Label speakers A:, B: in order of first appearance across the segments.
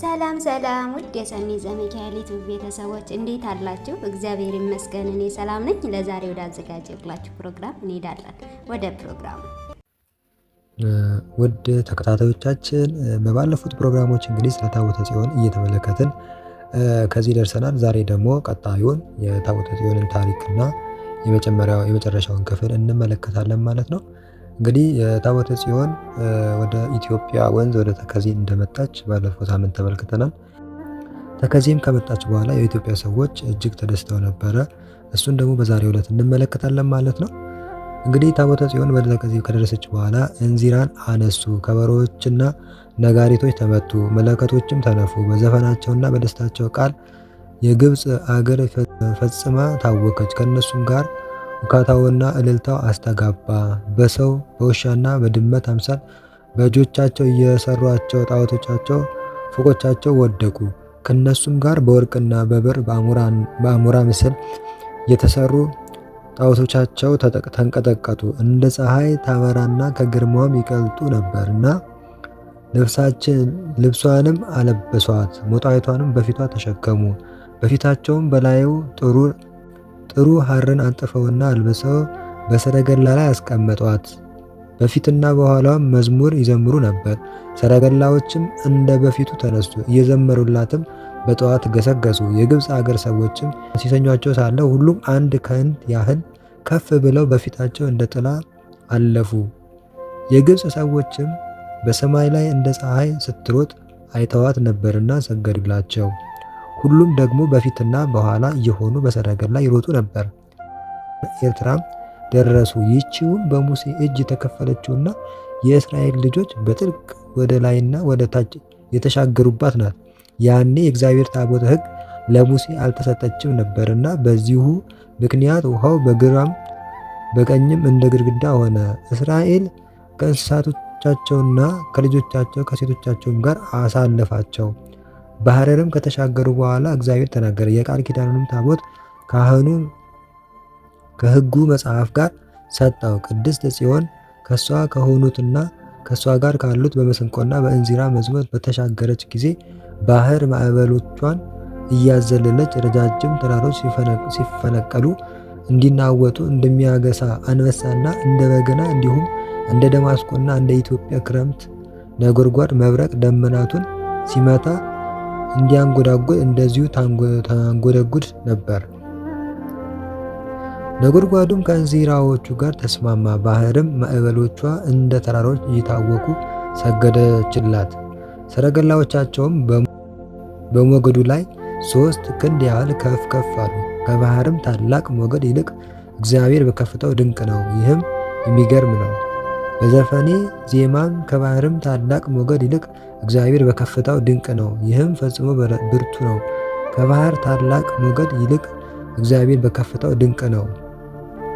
A: ሰላም ሰላም ውድ የሰኒ ዘሚካኤል ቤተሰቦች እንዴት አላችሁ? እግዚአብሔር ይመስገን እኔ ሰላም ነኝ። ለዛሬ ወደ አዘጋጀሁላችሁ ፕሮግራም እንሄዳለን። ወደ ፕሮግራሙ
B: ውድ ተከታታዮቻችን በባለፉት ፕሮግራሞች እንግዲህ ስለ ታቦተ ጽዮን እየተመለከትን ከዚህ ደርሰናል። ዛሬ ደግሞ ቀጣዩን የታቦተ ጽዮንን ታሪክና የመጨረሻውን ክፍል እንመለከታለን ማለት ነው። እንግዲህ ታቦተ ጽዮን ወደ ኢትዮጵያ ወንዝ ወደ ተከዜ እንደመጣች ባለፈው ሳምንት ተመልክተናል። ተከዜም ከመጣች በኋላ የኢትዮጵያ ሰዎች እጅግ ተደስተው ነበረ። እሱን ደግሞ በዛሬው ዕለት እንመለከታለን ማለት ነው። እንግዲህ ታቦተ ጽዮን ወደ ተከዜ ከደረሰች በኋላ እንዚራን አነሱ፣ ከበሮዎችና ነጋሪቶች ተመቱ፣ መለከቶችም ተነፉ። በዘፈናቸውና በደስታቸው ቃል የግብፅ አገር ፈጽማ ታወቀች ከእነሱም ጋር ውካታውና እልልታው አስተጋባ። በሰው በውሻና በድመት አምሳል በእጆቻቸው እየሰሯቸው ጣዖቶቻቸው ፎቆቻቸው ወደቁ። ከነሱም ጋር በወርቅና በብር በአሞራ ምስል የተሰሩ ጣዖቶቻቸው ተንቀጠቀጡ። እንደ ፀሐይ ታበራና ከግርማዋም ይቀልጡ ነበርና ልብሳችን ልብሷንም አለበሷት፣ ሞጣይቷንም በፊቷ ተሸከሙ። በፊታቸውም በላዩ ጥሩር ጥሩ ሐርን አንጥፈውና አልብሰው በሰረገላ ላይ አስቀመጧት። በፊትና በኋላም መዝሙር ይዘምሩ ነበር። ሰረገላዎችም እንደ በፊቱ ተነሱ፣ እየዘመሩላትም በጠዋት ገሰገሱ። የግብፅ አገር ሰዎችም ሲሰኟቸው ሳለ ሁሉም አንድ ክንድ ያህል ከፍ ብለው በፊታቸው እንደ ጥላ አለፉ። የግብፅ ሰዎችም በሰማይ ላይ እንደ ፀሐይ ስትሮጥ አይተዋት ነበርና ሰገዱላቸው። ሁሉም ደግሞ በፊትና በኋላ እየሆኑ በሰረገላ ይሮጡ ነበር። ኤርትራ ደረሱ። ይህችውም በሙሴ እጅ የተከፈለችውና የእስራኤል ልጆች በጥልቅ ወደ ላይና ወደ ታች የተሻገሩባት ናት። ያኔ የእግዚአብሔር ታቦተ ሕግ ለሙሴ አልተሰጠችም ነበርና በዚሁ ምክንያት ውሃው በግራም በቀኝም እንደ ግድግዳ ሆነ። እስራኤል ከእንስሳቶቻቸውና ከልጆቻቸው ከሴቶቻቸውም ጋር አሳለፋቸው። ባህረርም ከተሻገሩ በኋላ እግዚአብሔር ተናገረ። የቃል ኪዳኑንም ታቦት ካህኑ ከሕጉ መጽሐፍ ጋር ሰጠው። ቅድስት ጽዮን ከሷ ከሆኑትና ከሷ ጋር ካሉት በመሰንቆና በእንዚራ መዝሙር በተሻገረች ጊዜ ባህር ማዕበሎቿን እያዘለለች ረጃጅም ተራሮች ሲፈነቀሉ እንዲናወጡ እንደሚያገሳ አንበሳና እንደ በገና እንዲሁም እንደ ደማስቆና እንደ ኢትዮጵያ ክረምት ነጎድጓድ መብረቅ ደመናቱን ሲመታ እንዲያንጎዳጉድ እንደዚሁ ታንጎደጉድ ነበር። ነጎድጓዱም ከእንዚራዎቹ ጋር ተስማማ። ባህርም ማዕበሎቿ እንደ ተራሮች እየታወቁ ሰገደችላት። ሰረገላዎቻቸውም በሞገዱ ላይ ሶስት ክንድ ያህል ከፍ ከፍ አሉ። ከባህርም ታላቅ ሞገድ ይልቅ እግዚአብሔር በከፍታው ድንቅ ነው። ይህም የሚገርም ነው። በዘፈኔ ዜማም ከባህርም ታላቅ ሞገድ ይልቅ እግዚአብሔር በከፍታው ድንቅ ነው። ይህም ፈጽሞ ብርቱ ነው። ከባህር ታላቅ ሞገድ ይልቅ እግዚአብሔር በከፍታው ድንቅ ነው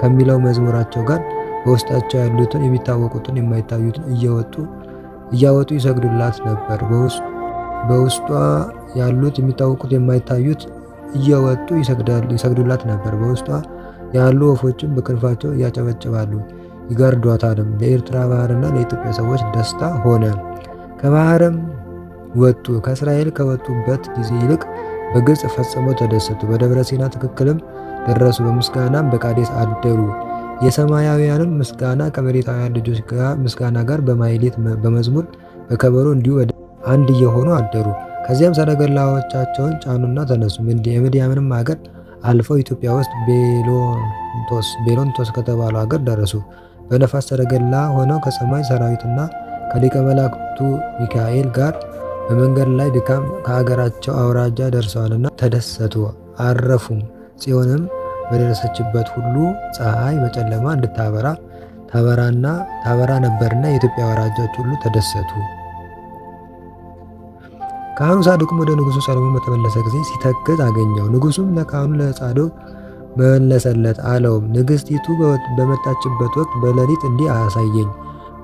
B: ከሚለው መዝሙራቸው ጋር በውስጣቸው ያሉትን የሚታወቁትን የማይታዩትን እየወጡ እያወጡ ይሰግዱላት ነበር። በውስጧ ያሉት የሚታወቁት የማይታዩት እየወጡ ይሰግዱላት ነበር። በውስጧ ያሉ ወፎችም በክንፋቸው እያጨበጭባሉ ይጋርዷታልም። ለኤርትራ ባህርና ለኢትዮጵያ ሰዎች ደስታ ሆነ። ከባህርም ወጡ። ከእስራኤል ከወጡበት ጊዜ ይልቅ በግብፅ ፈጽመው ተደሰቱ። በደብረ ሲና ትክክልም ደረሱ። በምስጋናም በቃዴስ አደሩ። የሰማያውያንም ምስጋና ከመሬታውያን ልጆች ምስጋና ጋር በማይሌት በመዝሙር በከበሮ እንዲሁ አንድ እየሆኑ አደሩ። ከዚያም ሰረገላዎቻቸውን ጫኑና ተነሱ። የምድያምንም ሀገር አልፈው ኢትዮጵያ ውስጥ ቤሎንቶስ ቤሎንቶስ ከተባለው ሀገር ደረሱ። በነፋስ ሰረገላ ሆነው ከሰማይ ሰራዊትና ከሊቀ መላእክቱ ሚካኤል ጋር በመንገድ ላይ ድካም ከአገራቸው አውራጃ ደርሰዋልና ተደሰቱ፣ አረፉም። ጽዮንም በደረሰችበት ሁሉ ፀሐይ በጨለማ እንድታበራ ታበራና ታበራ ነበርና የኢትዮጵያ አውራጃዎች ሁሉ ተደሰቱ። ካህኑ ሳድቁም ወደ ንጉሱ ሰሎሞን በተመለሰ ጊዜ ሲተክዝ አገኘው። ንጉሱም ለካህኑ ለጻዶቅ መለሰለት አለውም፣ ንግሥቲቱ በመጣችበት ወቅት በሌሊት እንዲህ አሳየኝ።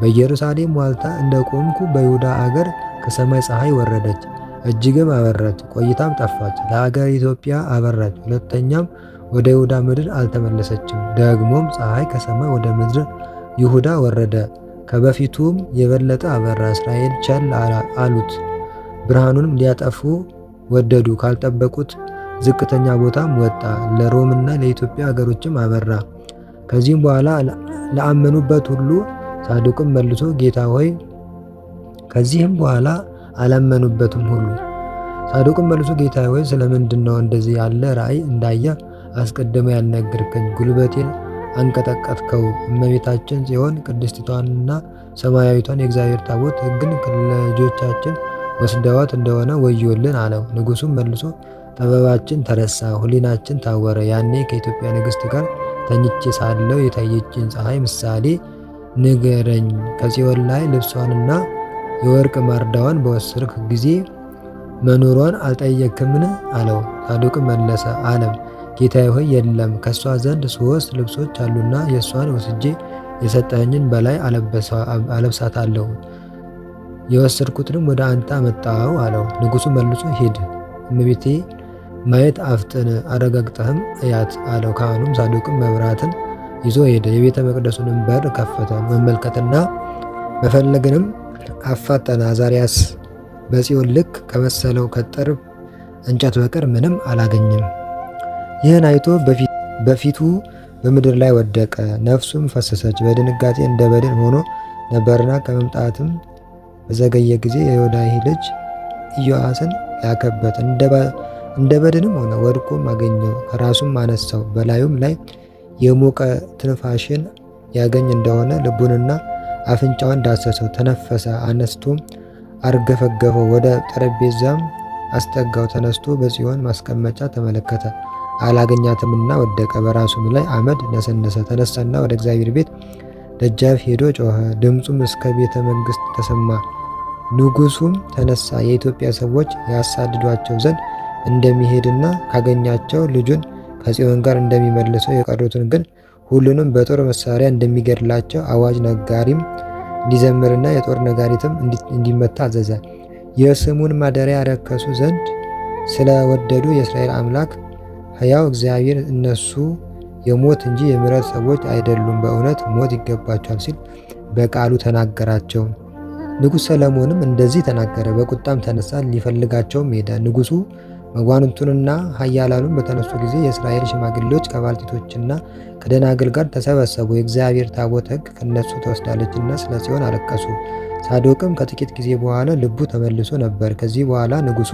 B: በኢየሩሳሌም ዋልታ እንደ ቆምኩ በይሁዳ አገር ከሰማይ ፀሐይ ወረደች፣ እጅግም አበራች፣ ቆይታም ጠፋች፣ ለሀገር ኢትዮጵያ አበራች። ሁለተኛም ወደ ይሁዳ ምድር አልተመለሰችም። ደግሞም ፀሐይ ከሰማይ ወደ ምድር ይሁዳ ወረደ፣ ከበፊቱም የበለጠ አበራ። እስራኤል ቸል አሉት፣ ብርሃኑንም ሊያጠፉ ወደዱ። ካልጠበቁት ዝቅተኛ ቦታም ወጣ፣ ለሮምና ለኢትዮጵያ ሀገሮችም አበራ። ከዚህም በኋላ ለአመኑበት ሁሉ ሳዱቅም መልሶ ጌታ ሆይ፣ ከዚህም በኋላ አላመኑበትም ሁሉ ሳዱቅም መልሶ ጌታ ሆይ፣ ስለምንድን ነው እንደዚህ ያለ ራእይ እንዳየ አስቀድመ ያልነገርከኝ? ጉልበቴን አንቀጠቀጥከው። እመቤታችን ጽዮን ቅድስቲቷንና ሰማያዊቷን የእግዚአብሔር ታቦት ሕግን ለጆቻችን ወስደዋት እንደሆነ ወዮልን አለው። ንጉሱም መልሶ ጥበባችን ተረሳ፣ ሁሊናችን ታወረ። ያኔ ከኢትዮጵያ ንግሥት ጋር ተኝቼ ሳለው የታየችን ፀሐይ ምሳሌ ንገረኝ። ከጽዮን ላይ ልብሷንና የወርቅ ማርዳዋን በወሰድክ ጊዜ መኖሯን አልጠየክምን? አለው። ሳዱቅ መለሰ አለም ጌታዬ ሆይ የለም፣ ከእሷ ዘንድ ሶስት ልብሶች አሉና የእሷን ወስጄ የሰጠኝን በላይ አለብሳታለሁ፣ የወሰድኩትንም ወደ አንተ አመጣው አለው። ንጉሱ መልሶ ሂድ እመቤቴ ማየት አፍጥን አረጋግጠህም እያት አለው። ካህኑም ሳዱቅም መብራትን ይዞ ሄደ፣ የቤተ መቅደሱንም በር ከፈተ። መመልከትና መፈለግንም አፋጠነ። አዛሪያስ በጽዮን ልክ ከመሰለው ከጠርብ እንጨት በቀር ምንም አላገኝም። ይህን አይቶ በፊቱ በምድር ላይ ወደቀ፣ ነፍሱም ፈሰሰች። በድንጋጤ እንደ በድን ሆኖ ነበርና ከመምጣትም በዘገየ ጊዜ የዮዳሄ ልጅ ኢዮአስን ያከበት እንደ በድንም ሆነ ወድቆም አገኘው፣ ከራሱም አነሳው። በላዩም ላይ የሞቀ ትንፋሽን ያገኝ እንደሆነ ልቡንና አፍንጫውን ዳሰሰው፣ ተነፈሰ። አነስቶም አርገፈገፈው፣ ወደ ጠረጴዛም አስጠጋው። ተነስቶ በጽዮን ማስቀመጫ ተመለከተ፣ አላገኛትምና ወደቀ። በራሱም ላይ አመድ ነሰነሰ። ተነሳና ወደ እግዚአብሔር ቤት ደጃፍ ሄዶ ጮኸ። ድምፁም እስከ ቤተ መንግስት ተሰማ። ንጉሱም ተነሳ፣ የኢትዮጵያ ሰዎች ያሳድዷቸው ዘንድ እንደሚሄድና ካገኛቸው ልጁን ከጽዮን ጋር እንደሚመልሰው የቀሩትን ግን ሁሉንም በጦር መሳሪያ እንደሚገድላቸው አዋጅ ነጋሪም እንዲዘምርና የጦር ነጋሪትም እንዲመታ አዘዘ። የስሙን ማደሪያ ያረከሱ ዘንድ ስለወደዱ የእስራኤል አምላክ ሕያው እግዚአብሔር እነሱ የሞት እንጂ የምሕረት ሰዎች አይደሉም፣ በእውነት ሞት ይገባቸዋል ሲል በቃሉ ተናገራቸው። ንጉሥ ሰለሞንም እንደዚህ ተናገረ። በቁጣም ተነሳ፣ ሊፈልጋቸውም ሄደ። ንጉሡ መጓንንቱንና ኃያላኑን በተነሱ ጊዜ የእስራኤል ሽማግሌዎች ከባልቴቶችና ከደናግል ጋር ተሰበሰቡ። የእግዚአብሔር ታቦት ሕግ ከነሱ ተወስዳለችና ስለ ጽዮን አለቀሱ። ሳዶቅም ከጥቂት ጊዜ በኋላ ልቡ ተመልሶ ነበር። ከዚህ በኋላ ንጉሱ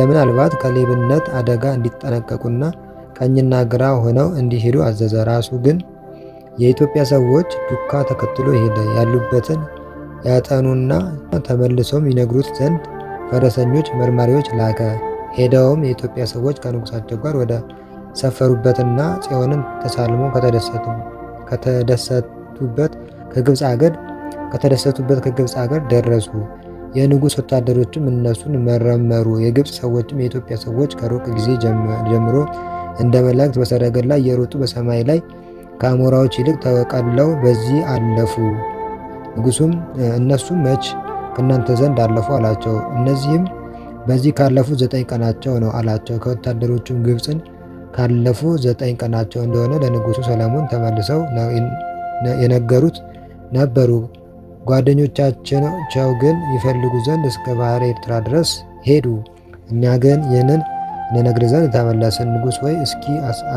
B: ለምናልባት ከሌብነት አደጋ እንዲጠነቀቁና ቀኝና ግራ ሆነው እንዲሄዱ አዘዘ። ራሱ ግን የኢትዮጵያ ሰዎች ዱካ ተከትሎ ሄደ። ያሉበትን ያጠኑና ተመልሶም ይነግሩት ዘንድ ፈረሰኞች መርማሪዎች ላከ። ሄደውም የኢትዮጵያ ሰዎች ከንጉሳቸው ጋር ወደ ሰፈሩበትና ጽዮንም ተሳልሞ ከተደሰቱበት ከግብፅ አገር ከተደሰቱበት ከግብፅ አገር ደረሱ። የንጉሥ ወታደሮችም እነሱን መረመሩ። የግብፅ ሰዎችም የኢትዮጵያ ሰዎች ከሩቅ ጊዜ ጀምሮ እንደ መላእክት በሰረገላ ላይ እየሮጡ በሰማይ ላይ ከአሞራዎች ይልቅ ተቀለው በዚህ አለፉ። ንጉሱም እነሱም መች ከእናንተ ዘንድ አለፉ አላቸው። እነዚህም በዚህ ካለፉ ዘጠኝ ቀናቸው ነው አላቸው። ከወታደሮቹም ግብፅን ካለፉ ዘጠኝ ቀናቸው እንደሆነ ለንጉሱ ሰለሞን ተመልሰው የነገሩት ነበሩ። ጓደኞቻቸው ግን ይፈልጉ ዘንድ እስከ ባህር ኤርትራ ድረስ ሄዱ። እኛ ግን ይህንን እንነግር ዘንድ ተመለስን። ንጉሥ ወይ እስኪ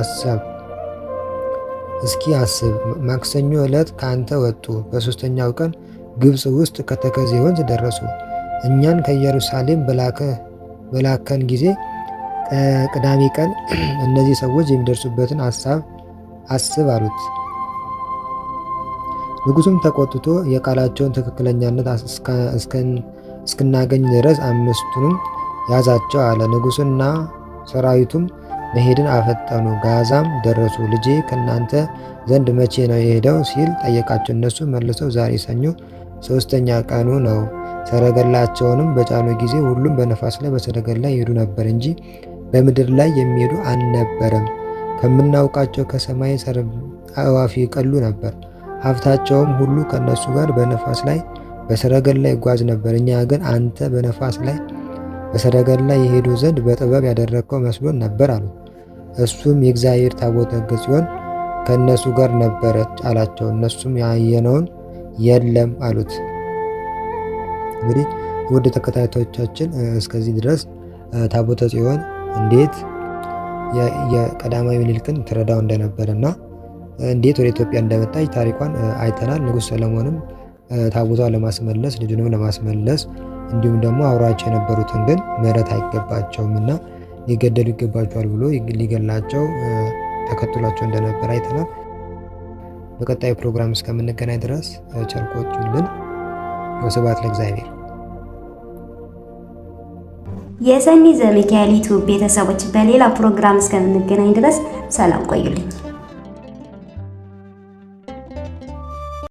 B: አሰብ እስኪ አስብ። ማክሰኞ ዕለት ከአንተ ወጡ። በሦስተኛው ቀን ግብፅ ውስጥ ከተከዜ ወንዝ ደረሱ። እኛን ከኢየሩሳሌም በላከን ጊዜ ቅዳሜ ቀን እነዚህ ሰዎች የሚደርሱበትን ሀሳብ አስብ አሉት። ንጉሱም ተቆጥቶ የቃላቸውን ትክክለኛነት እስክናገኝ ድረስ አምስቱንም ያዛቸው አለ። ንጉሱና ሰራዊቱም መሄድን አፈጠኑ፣ ጋዛም ደረሱ። ልጄ ከእናንተ ዘንድ መቼ ነው የሄደው ሲል ጠየቃቸው። እነሱ መልሰው ዛሬ ሰኞ ሶስተኛ ቀኑ ነው ሰረገላቸውንም በጫኑ ጊዜ ሁሉም በነፋስ ላይ በሰረገላ ይሄዱ ነበር እንጂ በምድር ላይ የሚሄዱ አልነበረም። ከምናውቃቸው ከሰማይ አእዋፍ ይቀሉ ነበር። ሀብታቸውም ሁሉ ከእነሱ ጋር በነፋስ ላይ በሰረገላ ይጓዝ ነበር። እኛ ግን አንተ በነፋስ ላይ በሰረገላ የሄዱ ዘንድ በጥበብ ያደረግከው መስሎን ነበር አሉ። እሱም የእግዚአብሔር ታቦተ ሕግ ሲሆን ከእነሱ ጋር ነበረች አላቸው። እነሱም ያየነውን የለም አሉት። እንግዲህ ውድ ተከታታዮቻችን እስከዚህ ድረስ ታቦተ ጽዮን እንዴት የቀዳማዊ ምኒልክን ትረዳው እንደነበር እና እንዴት ወደ ኢትዮጵያ እንደመጣች ታሪኳን አይተናል። ንጉሥ ሰለሞንም ታቦቷን ለማስመለስ ልጁንም ለማስመለስ እንዲሁም ደግሞ አውራቸው የነበሩትን ግን ምሕረት አይገባቸውም እና ሊገደሉ ይገባቸዋል ብሎ ሊገላቸው ተከትሏቸው እንደነበር አይተናል። በቀጣዩ ፕሮግራም እስከምንገናኝ ድረስ ቸር ቆዩልን። ወስብሐት ለእግዚአብሔር።
A: የሰኒ ዘሚካኤል ዩቲዩብ ቤተሰቦች በሌላ ፕሮግራም እስከምንገናኝ ድረስ ሰላም ቆዩልኝ።